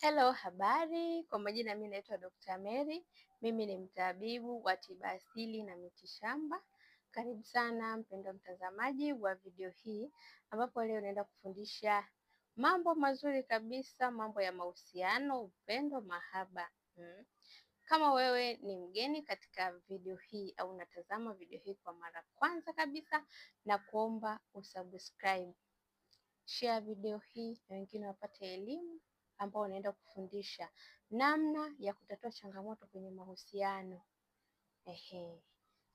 Hello, habari. Kwa majina mimi naitwa Dr. Mary. Mimi ni mtabibu wa tiba asili na mitishamba. Karibu sana mpendwa mtazamaji wa video hii ambapo leo naenda kufundisha mambo mazuri kabisa, mambo ya mahusiano, upendo, mahaba. Hmm. Kama wewe ni mgeni katika video hii au unatazama video hii kwa mara kwanza kabisa, na kuomba usubscribe, share video hii na wengine wapate elimu ambao unaenda kufundisha namna ya kutatua changamoto kwenye mahusiano. Ehe,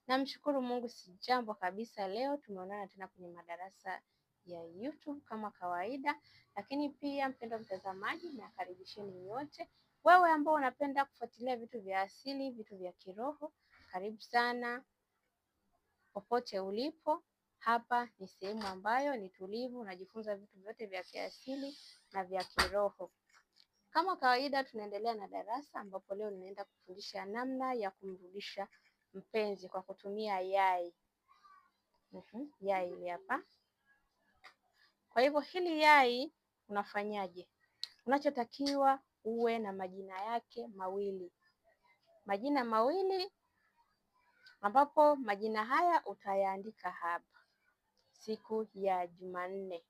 namshukuru Mungu, si jambo kabisa. Leo tumeonana tena kwenye madarasa ya YouTube kama kawaida, lakini pia mpendwa mtazamaji, nakaribisheni nyote. Wewe ambao unapenda kufuatilia vitu vya asili, vitu vya kiroho, karibu sana popote ulipo. Hapa ni sehemu ambayo ni tulivu, unajifunza vitu vyote vya kiasili na vya kiroho. Kama kawaida tunaendelea na darasa ambapo leo ninaenda kufundisha namna ya kumrudisha mpenzi kwa kutumia yai. Uhum, yai ni hapa. Kwa hivyo hili yai unafanyaje? Unachotakiwa uwe na majina yake mawili, majina mawili ambapo majina haya utayaandika hapa. Siku ya Jumanne,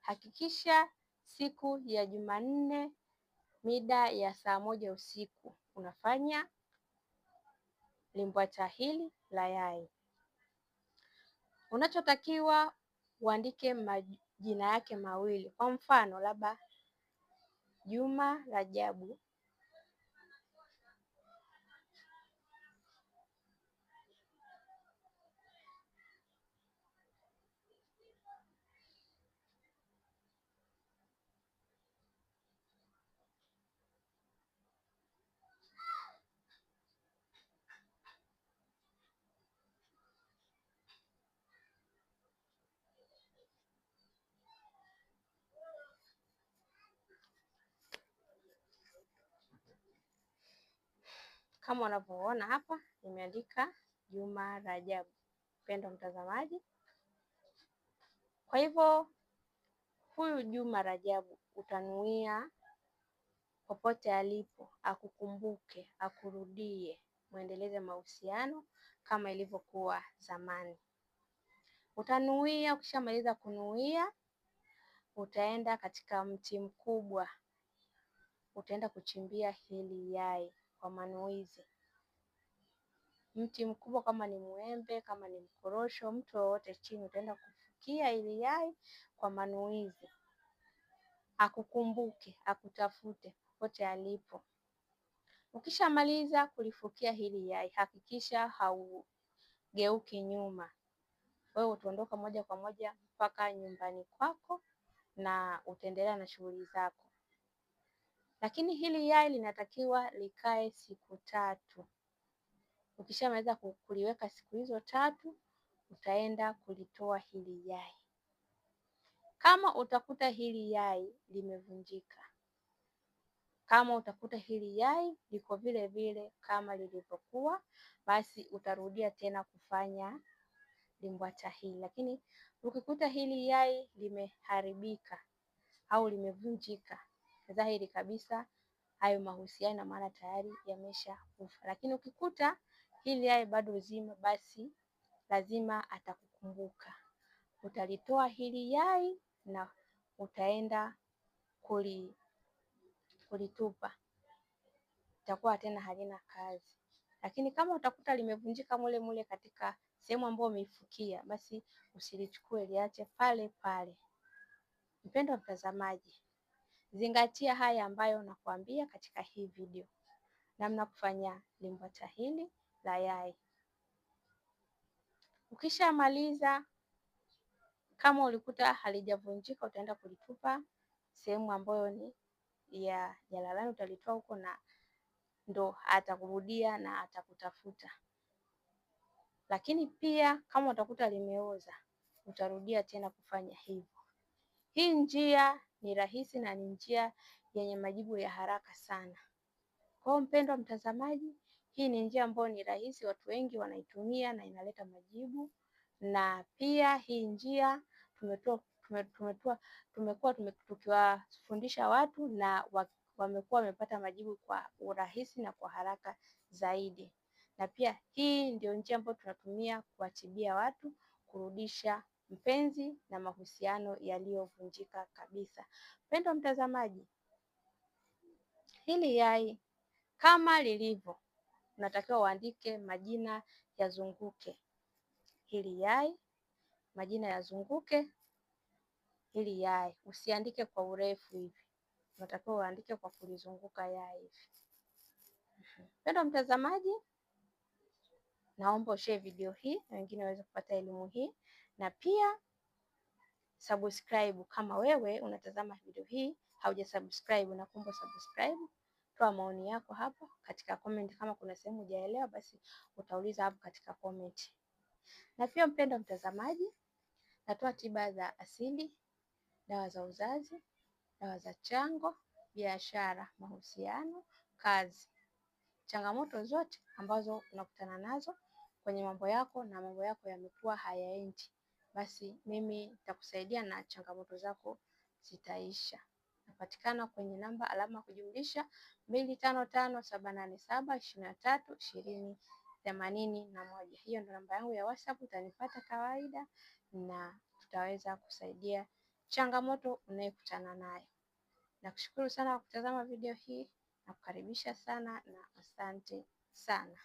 hakikisha siku ya Jumanne mida ya saa moja usiku unafanya limbwata hili la yai. Unachotakiwa uandike majina yake mawili, kwa mfano labda Juma Rajabu Kama unavyoona hapa imeandika Juma Rajabu, mpendwa mtazamaji. Kwa hivyo huyu Juma Rajabu utanuia popote alipo, akukumbuke, akurudie, mwendeleze mahusiano kama ilivyokuwa zamani. Utanuia, ukishamaliza kunuia utaenda katika mti mkubwa, utaenda kuchimbia hili yai kwa manuizi. Mti mkubwa kama ni mwembe, kama ni mkorosho, mtu wowote chini utaenda kufukia ili yai kwa manuizi, akukumbuke, akutafute popote alipo. Ukishamaliza kulifukia hili yai, hakikisha haugeuki nyuma. Wewe utaondoka moja kwa moja mpaka nyumbani kwako na utaendelea na shughuli zako. Lakini hili yai linatakiwa likae siku tatu. Ukishamaliza kuliweka siku hizo tatu, utaenda kulitoa hili yai. Kama utakuta hili yai limevunjika, kama utakuta hili yai liko vile vile kama lilivyokuwa, basi utarudia tena kufanya limbwata hili. Lakini ukikuta hili yai limeharibika au limevunjika dhahiri kabisa hayo mahusiano, maana tayari yameshakufa. Lakini ukikuta hili yai bado zima, basi lazima atakukumbuka. Utalitoa hili yai na utaenda kuli kulitupa, itakuwa tena halina kazi. Lakini kama utakuta limevunjika mule mule katika sehemu ambayo umeifukia, basi usilichukue, liache pale pale. Mpendwa mtazamaji, Zingatia haya ambayo nakuambia katika hii video, namna kufanya limbwata hili la yai. Ukishamaliza, kama ulikuta halijavunjika, utaenda kulitupa sehemu ambayo ni ya jalalani, utalitoa huko na ndo atakurudia na atakutafuta. Lakini pia kama utakuta limeoza, utarudia tena kufanya hivi. Hii njia ni rahisi na ni njia yenye majibu ya haraka sana. Kwa hiyo mpendwa mtazamaji, hii ni njia ambayo ni rahisi, watu wengi wanaitumia na inaleta majibu, na pia hii njia tumekuwa tukiwafundisha watu na wamekuwa wamepata majibu kwa urahisi na kwa haraka zaidi, na pia hii ndio njia ambayo tunatumia kuwatibia watu kurudisha mpenzi na mahusiano yaliyovunjika kabisa. Mpendwa mtazamaji, hili yai kama lilivyo, unatakiwa uandike majina yazunguke hili yai, majina yazunguke hili yai. Usiandike kwa urefu hivi, unatakiwa uandike kwa kulizunguka yai hivi. Mpendwa mtazamaji, naomba ushare video hii na wengine waweze kupata elimu hii na pia subscribe kama wewe unatazama video hii subscribe, na kumbe subscribe. Toa maoni yako hapo katika comment, kama kuna sehemu hujaelewa basi utauliza hapo katika comment. Na pia mpenda mtazamaji, natoa tiba za asili, dawa za uzazi, dawa za chango, biashara, mahusiano, kazi, changamoto zote ambazo unakutana nazo kwenye mambo yako na mambo yako yamekuwa hayaendi basi mimi nitakusaidia na changamoto zako zitaisha. Napatikana kwenye namba alama kujumlisha mbili tano tano saba nane saba ishirini na tatu ishirini themanini na moja. Hiyo ndo namba yangu ya WhatsApp, utanipata kawaida na tutaweza kusaidia changamoto unayokutana nayo. Nakushukuru sana kwa kutazama video hii, nakukaribisha sana na asante sana.